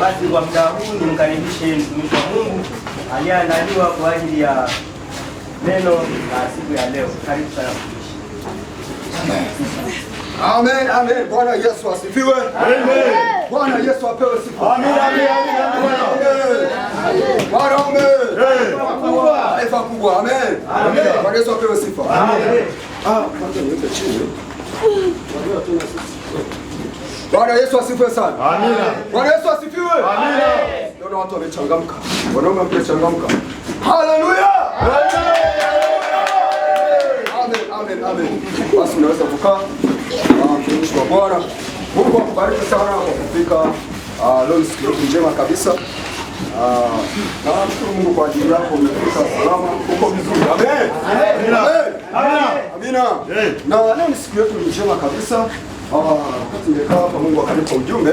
Basi kwa muda huu nimkaribishe mtumishi wa Mungu aliyeandaliwa kwa ajili ya neno la siku ya leo. Karibu sana mtumishi. Amen, amen. Bwana Yesu asifiwe. Amen. Bwana Yesu apewe sifa. Amen, amen, amen. Bwana ume. Sifa kubwa. Amen. Amen. Bwana Yesu apewe sifa. Amen. Ah, kwanza niweke chini. Bwana tu na sisi. Bwana Yesu asifiwe sana. Amina. Bwana Yesu asifiwe. Amina. Naona watu wamechangamka. Wanaume wamechangamka. Haleluya. Amen, amen, amen. Basi unaweza kukaa. Ah, mtumishi wa Bwana. Mungu akubariki sana kwa kufika ah, leo siku yetu njema kabisa. Na ah, nashukuru Mungu kwa ajili yako umefika salama. Uko vizuri. Amen. Amina. Amina. Na leo ni siku yetu njema kabisa. Tumekaa hapa, Mungu akanipa ujumbe,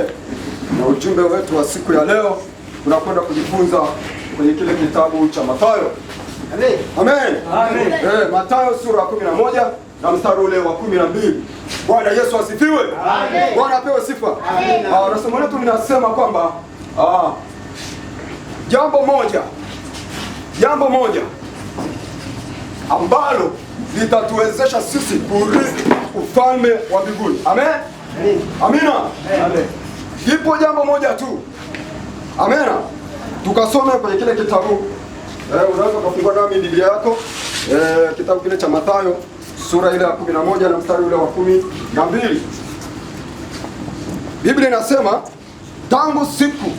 na ujumbe wetu wa siku ya leo tunakwenda kujifunza kwenye kile kitabu cha Mathayo. Amen. Amen. Eh, Mathayo sura ya 11 na mstari ule wa mbili Bwana Yesu asifiwe. Amen. Bwana apewe sifa. Amen. Ah, somo letu linasema kwamba ah, jambo moja jambo moja ambalo litatuwezesha sisi kurithi ufalme wa mbinguni. Amen, amina. Ipo jambo moja tu, amena. Tukasome kwenye kile kitabu eh, unaweza kufungua nami Biblia yako eh, kitabu kile cha Mathayo sura ile ya 11 na mstari ule wa kumi na mbili. Biblia inasema tangu siku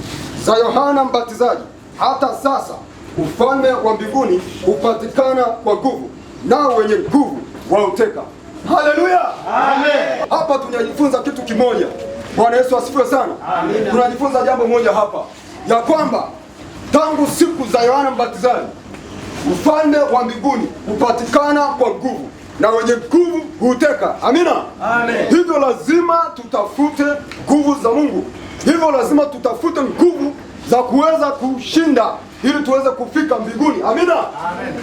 za Yohana Mbatizaji hata sasa ufalme wa mbinguni hupatikana kwa nguvu, nao wenye nguvu wauteka. Haleluya, amen. Hapa tunajifunza kitu kimoja. Bwana Yesu asifiwe sana. Tunajifunza jambo moja hapa ya kwamba tangu siku za Yohana Mbatizaji ufalme wa mbinguni hupatikana kwa nguvu na wenye nguvu huteka. Amina, amen. Hivyo lazima tutafute nguvu za Mungu, hivyo lazima tutafute nguvu za kuweza kushinda ili tuweze kufika mbinguni. Amina,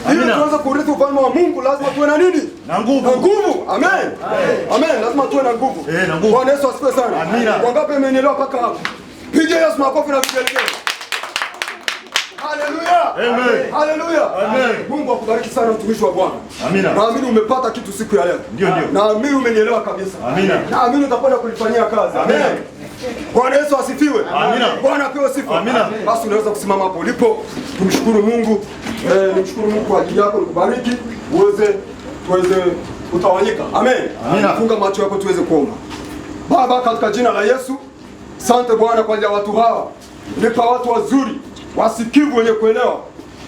amen. Ili tuweze kurithi ufalme wa Mungu lazima tuwe na nini? Na nguvu, na nguvu. Amen, amen, amen. Lazima tuwe na nguvu. Eh, na nguvu. Bwana Yesu asifiwe sana. Amina. Wangapi mmenielewa mpaka hapo? Piga Yesu makofi na vigelegele. Haleluya, amen, haleluya, amen. Mungu akubariki sana mtumishi wa Bwana. Amina. Naamini umepata kitu siku ya leo. Ndio, ndio. Naamini umenielewa kabisa. Amina. Naamini utakwenda kulifanyia kazi. Amen. Bwana Yesu asifiwe. Amina. Bwana apewe sifa. Amina. Basi unaweza kusimama hapo ulipo, tumshukuru Mungu. Eh, nimshukuru Mungu kwa ajili yako, nikubariki uweze tuweze kutawanyika. Amen. Amina. Funga macho yako tuweze kuomba. Baba, katika jina la Yesu, sante Bwana kwa ajili ya watu hawa, nipa watu wazuri wasikivu wenye kuelewa.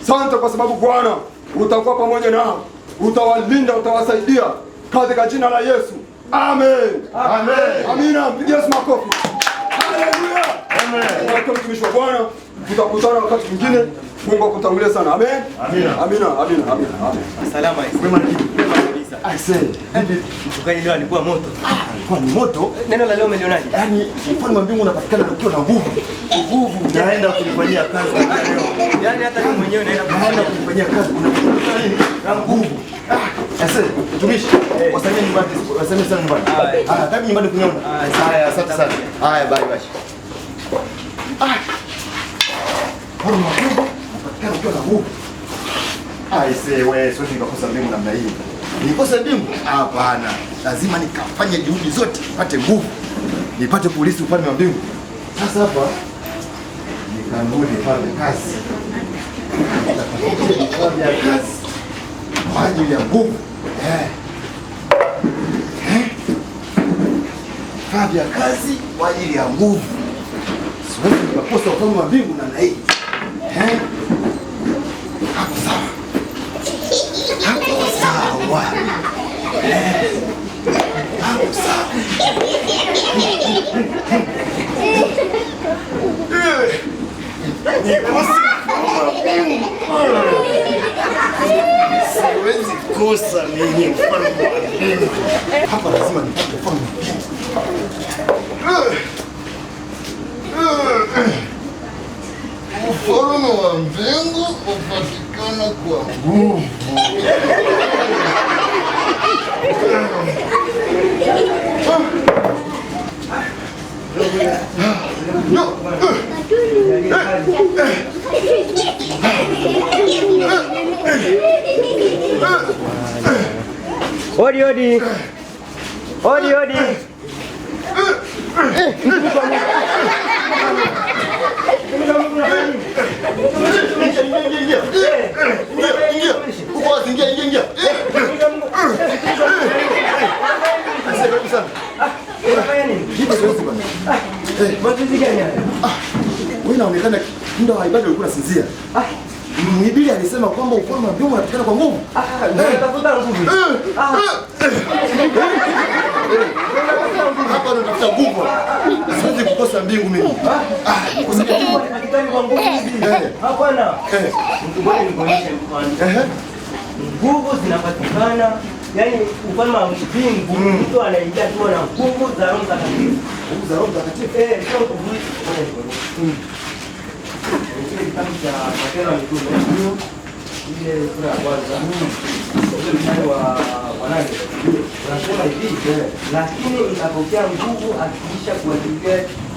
Sante kwa sababu Bwana utakuwa pamoja nao, utawalinda, utawasaidia katika jina la Yesu. Amen. Amen. Amina. Yesu makofi. Mtumishi wa Bwana, tutakutana wakati mwingine. Mungu akutangulie sana. Amen. Amina. Amina. Amina. Amina. Salama. Mwema kabisa. mchungaji leo alikuwa moto. Ah, alikuwa ni moto. Neno la leo umelionaje? Yaani mfalme wa mbingu unapatikana ukiwa na nguvu. Nguvu naenda kulifanyia kazi leo. Yaani hata mwenyewe naenda kulifanyia kazi. Na nguvu. Ah, Mtumishi, eh. wasalimie nyumbani, mbingu namna hii. Nikose mbingu? Hapana. Lazima nikafanye juhudi zote nipate nguvu. Nipate polisi upande wa mbingu. Sasa hapa nikanuni pale kazi kwa ajili ya nguvu eh, eh, vifaa vya kazi kwa ajili ya nguvu. Siwezi nikakosa ufalme wa mbingu na na hii eh. Hapo sawa, hako sawa hako hapo sawa makosa mimi mfano wa Mungu. Hapa lazima nipate Ufalme wa mbingu upatikana kwa nguvu. Ah. Odi odi. Odi odi. Wewe unaonekana ndio haibado ulikuwa unasinzia. Biblia alisema kwamba ufalme wa mbinguni unapatikana kwa nguvu. Hapa natafuta nguvu. Siwezi kukosa mbingu mimi. Hapana. Ah. Ah, eh. eh. ah, eh. Nguvu zinapatikana yaani ufalme wa mbingu hmm. mtu anaingia tu na nguvu za Roho Mtakatifu. Nguvu za Roho Mtakatifu. Eh, sio nguvu. Hmm kitabu cha Matendo ya Mitume ile sura ya kwanza ule mstari wa wanane unasema hivi, lakini mtapokea nguvu akiisha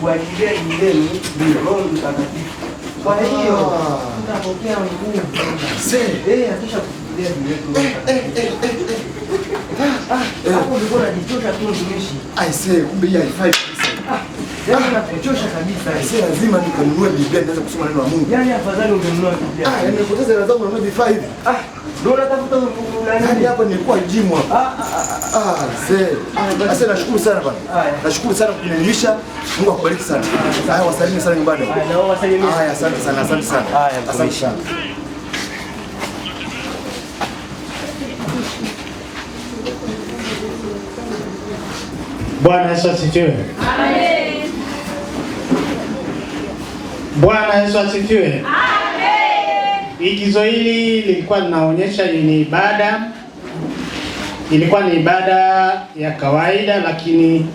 kuajilia juu yenu Roho Mtakatifu. Kwa hiyo mtapokea nguvu akisha kuajilia juu yetu eh, eh, eh, ah, ah, hapo, ndiko najichosha tu mtumishi, kumbe hii haifai Kuchosha kabisa. Si lazima nikanunue Biblia niweze kusoma neno la Mungu. Yaani afadhali ungenunua Biblia. Ah, nimepoteza hela zangu nanunua vifaa hivi. Ah, ndio natafuta nani? Hadi hapa nilikuwa jimwa. Ah, ah, ah. Ah, sasa ah. ah, ah, nashukuru sana bwana. Nashukuru sana kunielimisha. Mungu akubariki sana. Haya, wasalimie sana nyumbani. Haya, na wasalimie. Haya, asante sana, asante sana. Asante sana. Bwana Yesu asifiwe. Amen. Bwana Yesu asifiwe. Amen. Igizo hili lilikuwa linaonyesha ni ibada, ilikuwa ni ibada ya kawaida, lakini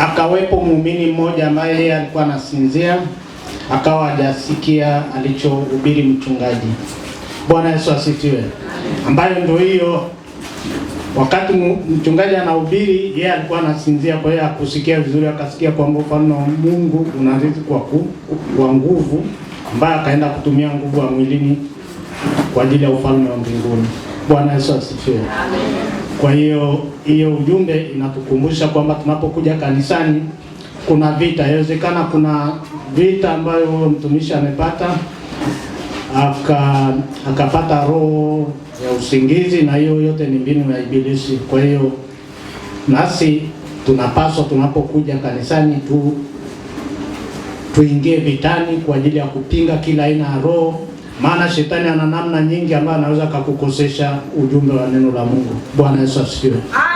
akawepo muumini mmoja ambaye yeye alikuwa anasinzia, akawa hajasikia alichohubiri mchungaji. Bwana Yesu asifiwe, ambayo ndio hiyo Wakati mchungaji anahubiri, yeye alikuwa anasinzia, kwa hiyo akusikia vizuri, akasikia kwamba ufalme wa Mungu unariziki kwa, kwa nguvu, ambaye akaenda kutumia nguvu ya mwilini kwa ajili ya ufalme wa mbinguni. Bwana Yesu asifiwe. Amen. Kwa hiyo hiyo ujumbe inatukumbusha kwamba tunapokuja kanisani kuna vita, inawezekana kuna vita ambayo mtumishi amepata aka akapata roho ya usingizi, na hiyo yote ni mbinu ya Ibilisi. Kwa hiyo nasi tunapaswa tunapokuja kanisani tu tuingie vitani kwa ajili ya kupinga kila aina ya roho, maana shetani ana namna nyingi ambayo anaweza kukukosesha ujumbe wa neno la Mungu. Bwana Yesu asifiwe.